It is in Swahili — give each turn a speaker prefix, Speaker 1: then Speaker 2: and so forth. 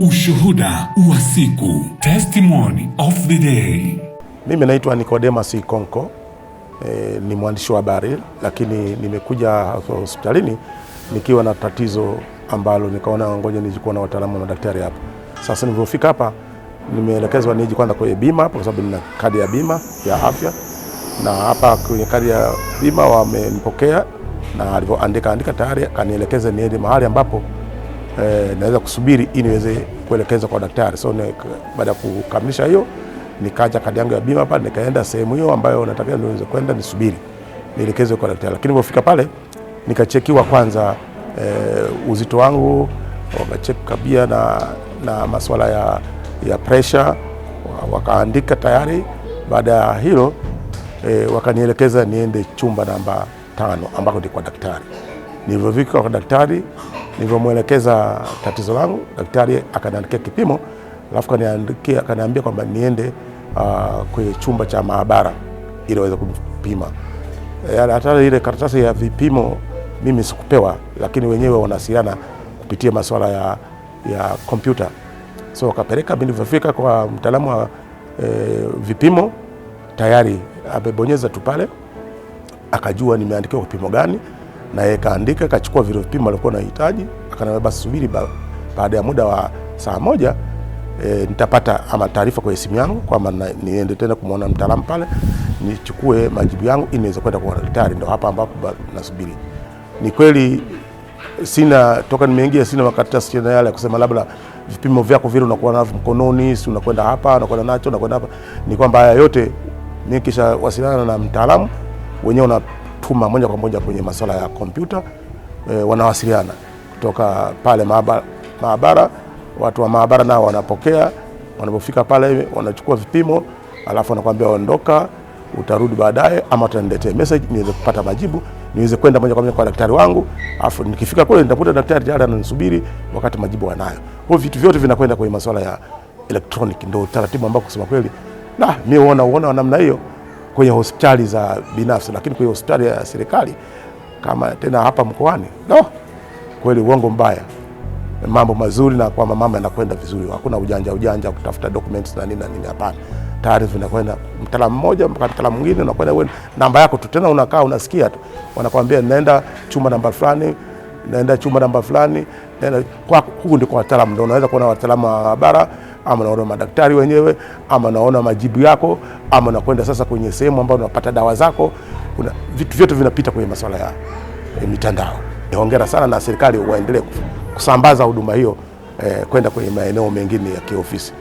Speaker 1: Ushuhuda wa siku, testimony of the day. Mimi naitwa Nicodemus Ikonko e, ni mwandishi wa habari lakini nimekuja hospitalini nikiwa na tatizo ambalo nikaona ngoja nijikuwa na wataalamu na daktari hapa. Sasa nilipofika hapa nimeelekezwa niji kwanza kwenye bima kwa sababu nina kadi ya bima ya afya, na hapa kwenye kadi ya bima wamenipokea na alivyoandika andika tayari kanielekeze niende mahali ambapo eh, naweza kusubiri ili niweze kuelekeza kwa daktari. So baada ya kukamilisha hiyo, nikaja kadi yangu ya bima pale, nikaenda sehemu hiyo ambayo natakiwa niweze kwenda nisubiri nielekezwe kwa daktari. Lakini nilipofika pale nikachekiwa kwanza eh, uzito wangu, wakacheki kabia na, na masuala ya, ya pressure wakaandika tayari. Baada ya hilo e, wakanielekeza niende chumba namba tano ambako ni kwa daktari. Nilivyofika kwa daktari Nilivyomwelekeza tatizo langu, daktari akaniandikia kipimo, alafu akaniambia kwamba niende uh, kwenye chumba cha maabara ili aweze kupima. Eh, hata ile karatasi ya vipimo mimi sikupewa, lakini wenyewe wanawasiliana kupitia masuala ya, ya kompyuta. So wakapeleka, nilivyofika kwa mtaalamu wa e, vipimo, tayari amebonyeza tu pale, akajua nimeandikiwa kipimo gani na yeye kaandika, kachukua vile vipimo alikuwa anahitaji, akaniambia basi subiri ba, baada ya muda wa saa moja e, nitapata ama taarifa kwenye simu yangu kwamba niende tena kumwona mtaalamu pale nichukue majibu yangu ili niweze kwenda kwa daktari. Ndio hapa ambapo nasubiri. Ni kweli sina toka nimeingia sina makaratasi tena yale ya kusema labda vipimo vyako vile unakuwa navyo mkononi, si unakwenda hapa unakwenda nacho unakwenda hapa. Ni kwamba haya yote mimi kisha wasiliana na mtaalamu wenyewe una kujituma moja kwa moja kwenye masuala ya kompyuta e, wanawasiliana kutoka pale maabara, maabara watu wa maabara nao wanapokea, wanapofika pale wanachukua vipimo, alafu wanakuambia ondoka, utarudi baadaye ama utaniletea message niweze kupata majibu, niweze kwenda moja kwa moja kwa daktari wangu, afu nikifika kule nitakuta daktari tayari ananisubiri wakati majibu anayo. Kwa vitu vyote vinakwenda kwenye masuala ya electronic, ndio taratibu ambao kusema kweli, na mimi huona huona namna hiyo kwenye hospitali za binafsi, lakini kwenye hospitali ya serikali kama tena hapa mkoani no, kweli uongo mbaya. Mambo mazuri na kwamba mama anakwenda vizuri, hakuna ujanja ujanja kutafuta documents na nini na nini, hapana. Taarifa inakwenda mtaalamu mmoja mpaka mtaalamu mwingine, unakwenda wewe namba yako tu, tena unakaa unasikia tu wanakwambia naenda chumba namba fulani, naenda chumba namba fulani, naenda kwa huko, ndiko wataalamu ndio unaweza kuona wataalamu wa bara ama naona madaktari wenyewe ama naona majibu yako ama nakwenda sasa kwenye sehemu ambayo unapata dawa zako. Kuna vitu vyote vinapita kwenye masuala ya e, mitandao. Hongera sana na serikali waendelee kusambaza huduma hiyo e, kwenda kwenye maeneo mengine ya kiofisi.